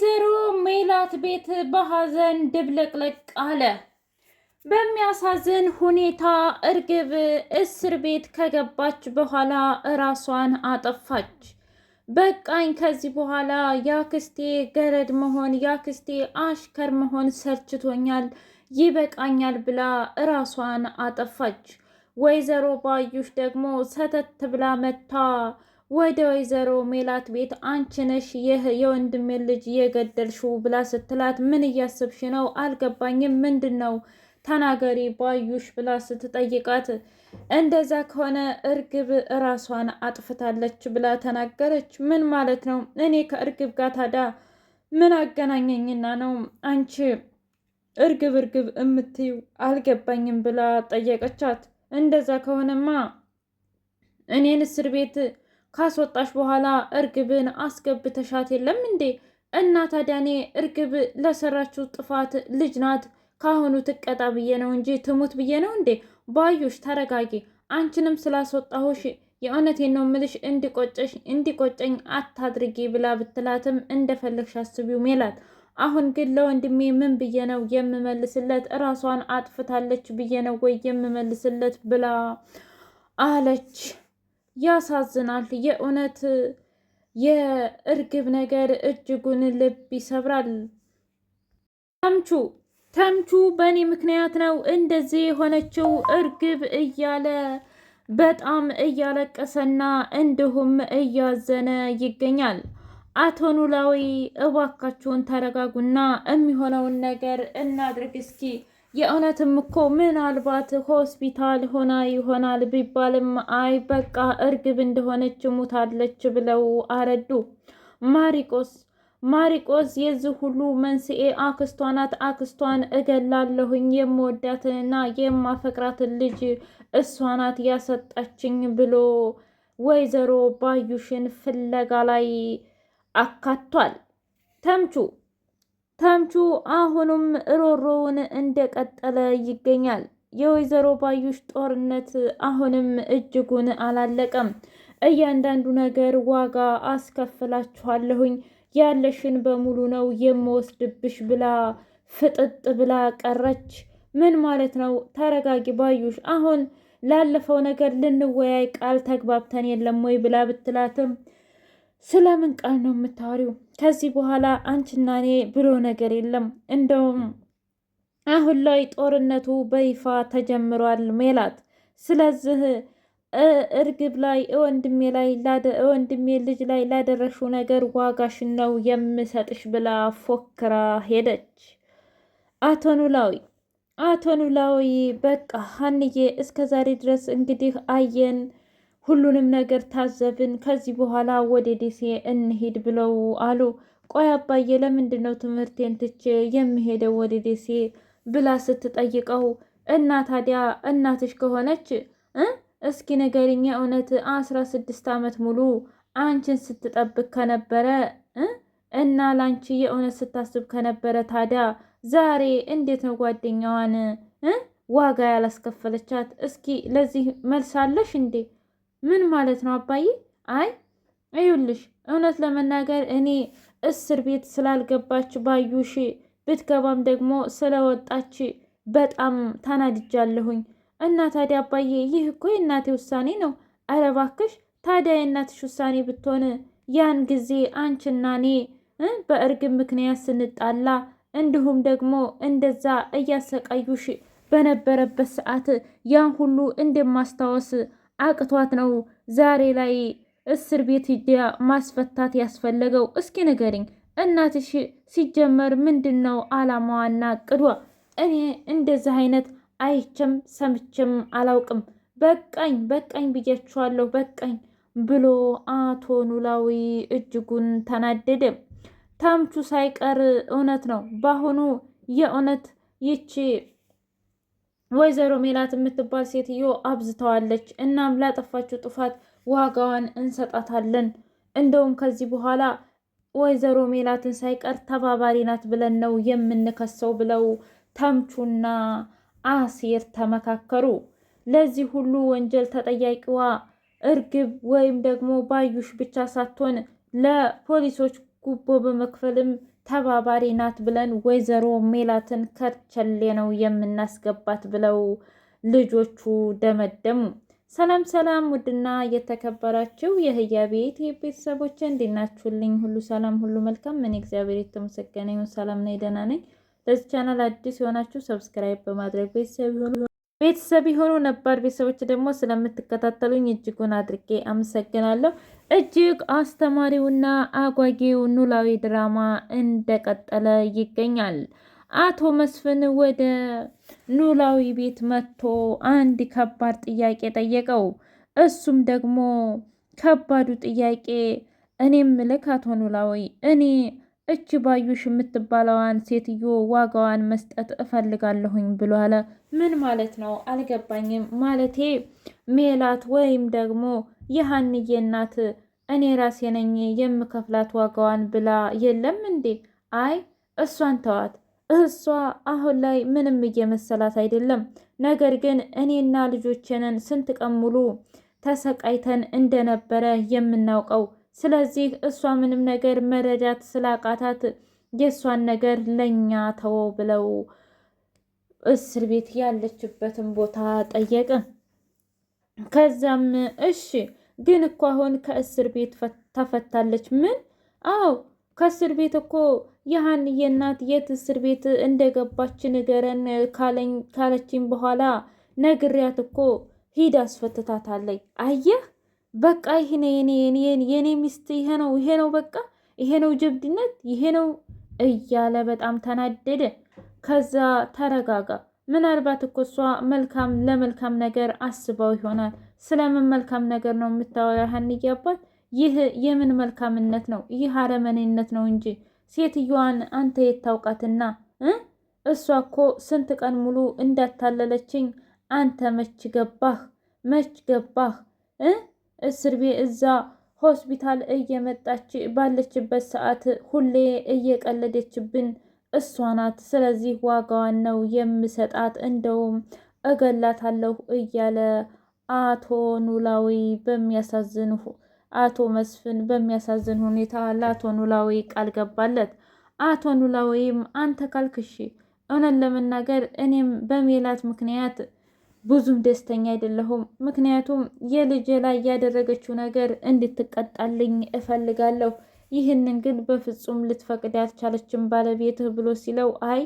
ወይዘሮ ሜላት ቤት በሐዘን ድብልቅልቅ አለ። በሚያሳዝን ሁኔታ እርግብ እስር ቤት ከገባች በኋላ እራሷን አጠፋች። በቃኝ፣ ከዚህ በኋላ ያክስቴ ገረድ መሆን፣ ያክስቴ አሽከር መሆን ሰልችቶኛል፣ ይበቃኛል ብላ እራሷን አጠፋች። ወይዘሮ ባዩሽ ደግሞ ሰተት ብላ መታ ወደ ወይዘሮ ሜላት ቤት አንቺ ነሽ ይህ የወንድሜን ልጅ የገደልሽው ብላ ስትላት ምን እያሰብሽ ነው? አልገባኝም። ምንድን ነው ተናገሪ ባዩሽ ብላ ስትጠይቃት እንደዛ ከሆነ እርግብ እራሷን አጥፍታለች ብላ ተናገረች። ምን ማለት ነው? እኔ ከእርግብ ጋር ታዲያ ምን አገናኘኝና ነው አንቺ እርግብ እርግብ እምትይው? አልገባኝም ብላ ጠየቀቻት። እንደዛ ከሆነማ እኔን እስር ቤት ካስወጣሽ በኋላ እርግብን አስገብተሻት የለም እንዴ? እና ታዲያ እኔ እርግብ ለሰራችው ጥፋት ልጅ ናት ካሁኑ ትቀጣ ብዬ ነው እንጂ ትሙት ብዬ ነው እንዴ? ባዩሽ ተረጋጊ። አንቺንም ስላስወጣሁሽ የእውነቴን ነው ምልሽ እንዲቆጨሽ እንዲቆጨኝ አታድርጊ ብላ ብትላትም እንደፈለግሽ አስቢው ሜላት። አሁን ግን ለወንድሜ ምን ብዬ ነው የምመልስለት? ራሷን አጥፍታለች ብዬ ነው ወይ የምመልስለት ብላ አለች። ያሳዝናል። የእውነት የእርግብ ነገር እጅጉን ልብ ይሰብራል። ተምቹ ተምቹ በእኔ ምክንያት ነው እንደዚህ የሆነችው እርግብ እያለ በጣም እያለቀሰና እንዲሁም እያዘነ ይገኛል። አቶ ኖላዊ እባካችሁን ተረጋጉና የሚሆነውን ነገር እናድርግ እስኪ የእውነትም እኮ ምናልባት ሆስፒታል ሆና ይሆናል ቢባልም አይ በቃ እርግብ እንደሆነች ሙታለች ብለው አረዱ። ማሪቆስ ማሪቆስ የዚህ ሁሉ መንስኤ አክስቷ ናት። አክስቷን እገላለሁኝ የምወዳትንና የማፈቅራትን ልጅ እሷ ናት ያሰጣችኝ ብሎ ወይዘሮ ባዩሽን ፍለጋ ላይ አካቷል። ተምቹ ተምቹ አሁንም ሮሮውን እንደቀጠለ ይገኛል። የወይዘሮ ባዩሽ ጦርነት አሁንም እጅጉን አላለቀም። እያንዳንዱ ነገር ዋጋ አስከፍላችኋለሁኝ፣ ያለሽን በሙሉ ነው የምወስድብሽ ብላ ፍጥጥ ብላ ቀረች። ምን ማለት ነው? ተረጋጊ ባዩሽ፣ አሁን ላለፈው ነገር ልንወያይ ቃል ተግባብተን የለም ወይ ብላ ብትላትም ስለምን ቃል ነው የምታወሪው? ከዚህ በኋላ አንቺና እኔ ብሎ ነገር የለም። እንደውም አሁን ላይ ጦርነቱ በይፋ ተጀምሯል ሜላት። ስለዚህ እርግብ ላይ ወንድሜ ላይ ወንድሜ ልጅ ላይ ላደረሽው ነገር ዋጋሽ ነው የምሰጥሽ ብላ ፎክራ ሄደች። አቶ ኖላዊ አቶ ኖላዊ በቃ ሀንዬ እስከ ዛሬ ድረስ እንግዲህ አየን ሁሉንም ነገር ታዘብን፣ ከዚህ በኋላ ወደ ደሴ እንሄድ ብለው አሉ። ቆይ አባዬ ለምንድን ነው ትምህርቴን ትቼ የምሄደው ወደ ደሴ ብላ ስትጠይቀው እና ታዲያ እናትሽ ከሆነች እ እስኪ ንገሪኝ እውነት አስራ ስድስት ዓመት ሙሉ አንቺን ስትጠብቅ ከነበረ እና ላንቺ የእውነት ስታስብ ከነበረ ታዲያ ዛሬ እንዴት ነው ጓደኛዋን ዋጋ ያላስከፈለቻት? እስኪ ለዚህ መልሳለሽ እንዴ? ምን ማለት ነው አባዬ? አይ እዩልሽ፣ እውነት ለመናገር እኔ እስር ቤት ስላልገባች ባዩሽ ብትገባም ደግሞ ስለወጣች በጣም ታናድጃለሁኝ። እና ታዲያ አባዬ ይህ እኮ የእናቴ ውሳኔ ነው። አረ እባክሽ ታዲያ የእናትሽ ውሳኔ ብትሆን ያን ጊዜ አንቺና እኔ በእርግብ ምክንያት ስንጣላ እንዲሁም ደግሞ እንደዛ እያሰቃዩሽ በነበረበት ሰዓት ያን ሁሉ እንደማስታወስ አቅቷት ነው ዛሬ ላይ እስር ቤት ሂዳ ማስፈታት ያስፈለገው? እስኪ ንገሪኝ። እናትሽ ሲጀመር ምንድን ነው አላማዋና እቅዷ? እኔ እንደዚህ አይነት አይቼም ሰምቼም አላውቅም። በቃኝ በቃኝ ብያችኋለሁ፣ በቃኝ ብሎ አቶ ኖላዊ እጅጉን ተናደደ። ታምቹ ሳይቀር እውነት ነው በአሁኑ የእውነት ይቺ ወይዘሮ ሜላት የምትባል ሴትዮ አብዝተዋለች። እናም ላጠፋችው ጥፋት ዋጋዋን እንሰጣታለን። እንደውም ከዚህ በኋላ ወይዘሮ ሜላትን ሳይቀር ተባባሪ ናት ብለን ነው የምንከሰው ብለው ተምቹና አሴር ተመካከሩ። ለዚህ ሁሉ ወንጀል ተጠያቂዋ እርግብ ወይም ደግሞ ባዩሽ ብቻ ሳትሆን ለፖሊሶች ጉቦ በመክፈልም ተባባሪ ናት ብለን ወይዘሮ ሜላትን ከርቸሌ ነው የምናስገባት ብለው ልጆቹ ደመደሙ። ሰላም ሰላም! ውድና የተከበራችሁ የህያ ቤት ቤተሰቦች እንዲናችሁልኝ ሁሉ ሰላም፣ ሁሉ መልካም። እኔ እግዚአብሔር የተመሰገነ ይሁን ሰላም ነኝ፣ ደህና ነኝ። ለዚህ ቻናል አዲስ የሆናችሁ ሰብስክራይብ በማድረግ ቤተሰብ ቤተሰብ የሆኑ ነባር ቤተሰቦች ደግሞ ስለምትከታተሉኝ እጅጉን አድርጌ አመሰግናለሁ። እጅግ አስተማሪውና አጓጊው ኖላዊ ድራማ እንደቀጠለ ይገኛል። አቶ መስፍን ወደ ኖላዊ ቤት መጥቶ አንድ ከባድ ጥያቄ ጠየቀው። እሱም ደግሞ ከባዱ ጥያቄ እኔም ልክ አቶ ኖላዊ እኔ እች ባዩሽ የምትባለዋን ሴትዮ ዋጋዋን መስጠት እፈልጋለሁኝ ብሎ አለ። ምን ማለት ነው አልገባኝም። ማለቴ ሜላት ወይም ደግሞ የሀንዬ እናት እኔ ራሴ ነኝ የምከፍላት ዋጋዋን ብላ የለም እንዴ? አይ እሷን ተዋት። እሷ አሁን ላይ ምንም እየመሰላት አይደለም። ነገር ግን እኔና ልጆቼንን ስንት ቀን ሙሉ ተሰቃይተን እንደነበረ የምናውቀው ስለዚህ እሷ ምንም ነገር መረዳት ስላቃታት የእሷን ነገር ለእኛ ተወው ብለው እስር ቤት ያለችበትን ቦታ ጠየቀ። ከዛም እሺ ግን እኮ አሁን ከእስር ቤት ተፈታለች። ምን? አዎ ከእስር ቤት እኮ የሀንዬ እናት የት እስር ቤት እንደገባች ንገረን ካለችኝ በኋላ ነግሪያት እኮ ሂድ አስፈትታታለች። አየህ በቃ ይሄ ነው የኔ የኔ የኔ ሚስት ይሄ ነው ይሄ ነው በቃ ይሄ ነው ጀብድነት ይሄ ነው እያለ በጣም ተናደደ። ከዛ ተረጋጋ። ምናልባት እኮ እሷ መልካም ለመልካም ነገር አስበው ይሆናል። ስለምን መልካም ነገር ነው የምታወራ ሀንዬ አባት? ይህ የምን መልካምነት ነው? ይህ አረመኔነት ነው እንጂ ሴትዮዋን አንተ የታውቃትና እሷ እኮ ስንት ቀን ሙሉ እንዳታለለችኝ አንተ መች ገባህ? መች ገባህ? እስር ቤት እዛ ሆስፒታል እየመጣች ባለችበት ሰዓት ሁሌ እየቀለደችብን እሷ ናት። ስለዚህ ዋጋዋን ነው የምሰጣት፣ እንደውም እገላታለሁ እያለ አቶ ኖላዊ በሚያሳዝን አቶ መስፍን በሚያሳዝን ሁኔታ ለአቶ ኖላዊ ቃል ገባለት። አቶ ኖላዊም አንተ ካልክሽ እውነት ለመናገር እኔም በሜላት ምክንያት ብዙም ደስተኛ አይደለሁም። ምክንያቱም የልጅ ላይ ያደረገችው ነገር እንድትቀጣልኝ እፈልጋለሁ። ይህንን ግን በፍጹም ልትፈቅድ አልቻለችም ባለቤትህ ብሎ ሲለው አይ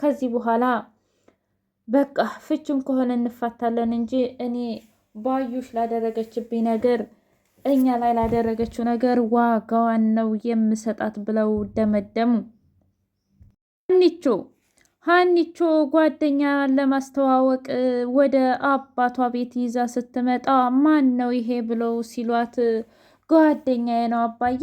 ከዚህ በኋላ በቃ ፍችም ከሆነ እንፋታለን እንጂ እኔ ባዩሽ ላደረገችብኝ ነገር እኛ ላይ ላደረገችው ነገር ዋጋዋን ነው የምሰጣት ብለው ደመደሙ። እንቾ ሀኒቾ ጓደኛን ለማስተዋወቅ ወደ አባቷ ቤት ይዛ ስትመጣ ማን ነው ይሄ ብለው ሲሏት፣ ጓደኛዬ ነው አባዬ፣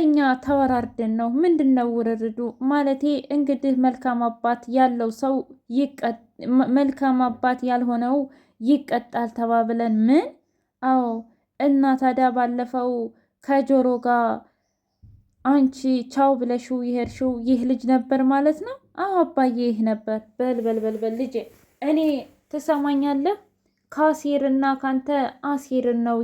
እኛ ተወራርደን ነው። ምንድን ነው ውርርዱ? ማለቴ እንግዲህ መልካም አባት ያለው ሰው መልካም አባት ያልሆነው ይቀጣል ተባብለን ምን? አዎ እና ታዲያ ባለፈው ከጆሮ ጋር አንቺ ቻው ብለሽው የሄድሽው ይህ ልጅ ነበር ማለት ነው? አዎ አባዬ፣ ይህ ነበር። በል በል በል በል ልጄ፣ እኔ ትሰማኛለህ? ከአሲርና ካንተ አሲርን ነው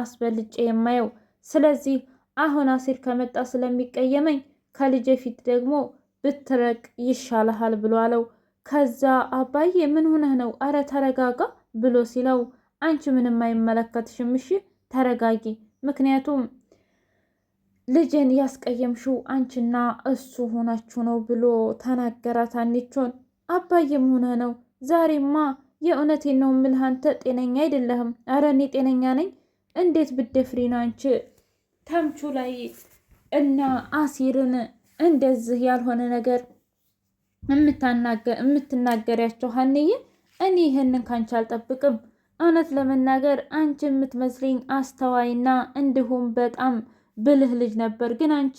አስበልጬ የማየው። ስለዚህ አሁን አሲር ከመጣ ስለሚቀየመኝ ከልጄ ፊት ደግሞ ብትረቅ ይሻልሃል ብሎ አለው። ከዛ አባዬ ምን ሆነህ ነው? አረ ተረጋጋ ብሎ ሲለው አንቺ ምንም አይመለከትሽም፣ እሺ ተረጋጊ፣ ምክንያቱም ልጄን ያስቀየምሽው አንቺና እሱ ሆናችሁ ነው ብሎ ተናገራት። አንቺን አባዬም ሆነ ነው ዛሬማ የእውነቴን ነው የምልህ አንተ ጤነኛ አይደለህም። ኧረ እኔ ጤነኛ ነኝ። እንዴት ብደፍሪ ነው አንቺ ተምቹ ላይ እና አሲርን እንደዚህ ያልሆነ ነገር የምትናገሪያቸው ሀንዬ? እኔ ይህንን ካንቺ አልጠብቅም። እውነት ለመናገር አንቺ የምትመስለኝ አስተዋይና እንዲሁም በጣም ብልህ ልጅ ነበር፣ ግን አንቺ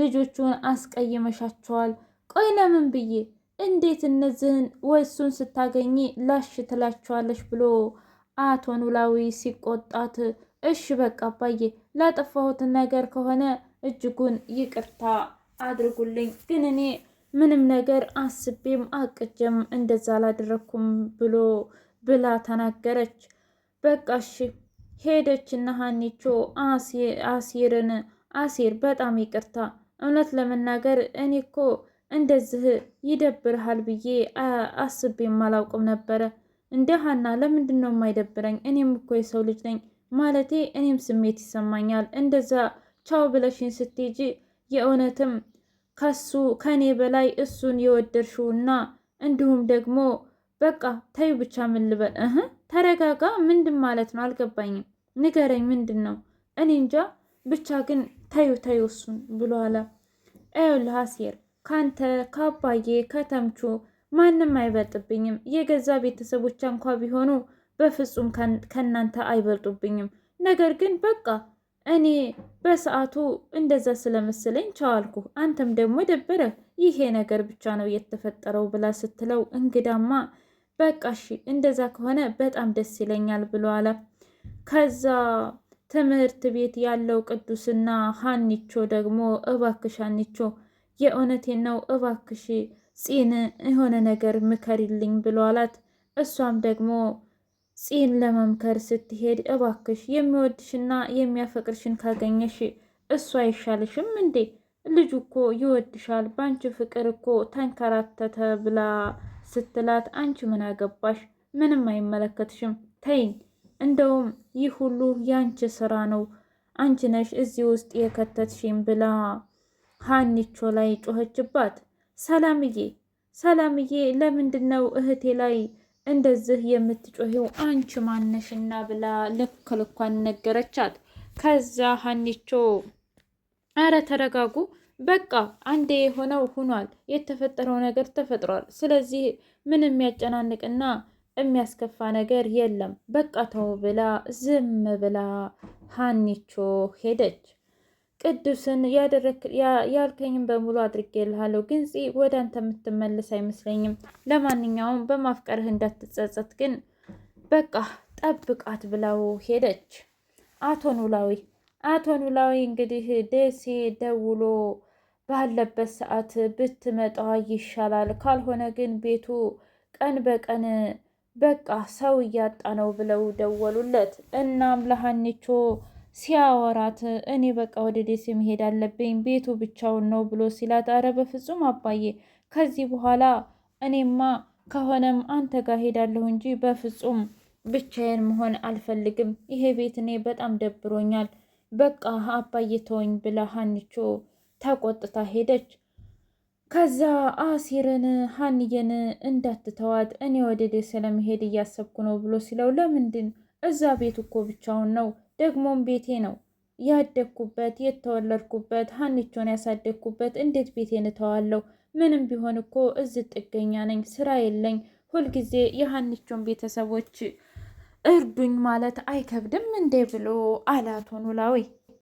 ልጆቹን አስቀይመሻቸዋል። ቆይ ለምን ብዬ እንዴት እነዚህን ወሱን ስታገኝ ላሽ ትላቸዋለሽ ብሎ አቶ ኖላዊ ሲቆጣት፣ እሽ በቃ አባዬ ላጠፋሁት ነገር ከሆነ እጅጉን ይቅርታ አድርጉልኝ፣ ግን እኔ ምንም ነገር አስቤም አቅጀም እንደዛ አላደረኩም ብሎ ብላ ተናገረች። በቃ እሺ ሄደችና ሀኒቾ አሲርን አሲር በጣም ይቅርታ፣ እውነት ለመናገር እኔ እኮ እንደዚህ ይደብርሃል ብዬ አስቤም አላውቅም ነበረ። እንደ ሀና ለምንድን ነው የማይደብረኝ? እኔም እኮ የሰው ልጅ ነኝ ማለቴ እኔም ስሜት ይሰማኛል። እንደዛ ቻው ብለሽን ስትሄጂ የእውነትም ከሱ ከኔ በላይ እሱን የወደድሽውና እንዲሁም ደግሞ በቃ ተዩ ብቻ ምን ልበል? ተረጋጋ። ምንድን ማለት ነው አልገባኝም። ንገረኝ፣ ምንድን ነው? እኔ እንጃ ብቻ ግን ተዩ ተዩ እሱን ብሎ አለ። ይኸውልህ አሴር ካንተ ከአባዬ ከተምቹ ማንም አይበልጥብኝም። የገዛ ቤተሰቦች እንኳ ቢሆኑ በፍጹም ከእናንተ አይበልጡብኝም። ነገር ግን በቃ እኔ በሰዓቱ እንደዛ ስለመሰለኝ ቻዋልኩ። አንተም ደግሞ ደበረ። ይሄ ነገር ብቻ ነው የተፈጠረው ብላ ስትለው እንግዳማ በቃ እሺ እንደዛ ከሆነ በጣም ደስ ይለኛል ብሎ ከዛ ትምህርት ቤት ያለው ቅዱስና ሀኒቾ ደግሞ እባክሽ ሀኒቾ የእውነቴ ነው እባክሽ ፂን የሆነ ነገር ምከሪልኝ ብሎ አላት። እሷም ደግሞ ፂን ለመምከር ስትሄድ እባክሽ የሚወድሽና የሚያፈቅርሽን ካገኘሽ እሱ አይሻልሽም እንዴ? ልጁ እኮ ይወድሻል፣ በአንቺ ፍቅር እኮ ተንከራተተ ብላ ስትላት አንቺ ምን አገባሽ? ምንም አይመለከትሽም፣ ተይኝ እንደውም ይህ ሁሉ ያንቺ ስራ ነው፣ አንቺ ነሽ እዚህ ውስጥ የከተትሽም ብላ ሀኒቾ ላይ ጮኸችባት። ሰላምዬ ሰላምዬ ለምንድን ነው እህቴ ላይ እንደዚህ የምትጮኸው አንቺ ማነሽና? ብላ ልክ ልኳን ነገረቻት። ከዛ ሀኒቾ አረ ተረጋጉ፣ በቃ አንዴ የሆነው ሁኗል የተፈጠረው ነገር ተፈጥሯል። ስለዚህ ምንም ያጨናንቅና የሚያስከፋ ነገር የለም በቃ ተው ብላ ዝም ብላ ሀኒቾ ሄደች። ቅዱስን ያልከኝም በሙሉ አድርጌልሃለሁ፣ ግን ወደ አንተ የምትመለስ አይመስለኝም። ለማንኛውም በማፍቀርህ እንዳትጸጸት ግን በቃ ጠብቃት ብላው ሄደች። አቶ ኖላዊ አቶ ኖላዊ እንግዲህ ደሴ ደውሎ ባለበት ሰዓት ብትመጣ ይሻላል፣ ካልሆነ ግን ቤቱ ቀን በቀን በቃ ሰው እያጣ ነው ብለው ደወሉለት። እናም ለሀኒቾ ሲያወራት እኔ በቃ ወደ ደሴ መሄድ አለብኝ ቤቱ ብቻውን ነው ብሎ ሲላት፣ አረ በፍጹም አባዬ ከዚህ በኋላ እኔማ ከሆነም አንተ ጋር ሄዳለሁ እንጂ በፍጹም ብቻዬን መሆን አልፈልግም። ይሄ ቤት እኔ በጣም ደብሮኛል። በቃ አባዬ ተወኝ ብላ ሀኒቾ ተቆጥታ ሄደች። ከዛ አሲርን ሀንየን እንዳትተዋት እኔ ወደ ዴ ስለመሄድ እያሰብኩ ነው ብሎ ሲለው ለምንድን እዛ ቤት እኮ ብቻውን ነው፣ ደግሞም ቤቴ ነው ያደግኩበት የተወለድኩበት ሀንቾን ያሳደግኩበት እንዴት ቤቴን እተዋለሁ? ምንም ቢሆን እኮ እዝ ጥገኛ ነኝ፣ ስራ የለኝ። ሁልጊዜ የሀንቾን ቤተሰቦች እርዱኝ ማለት አይከብድም እንዴ ብሎ አላቶ ኖላዊ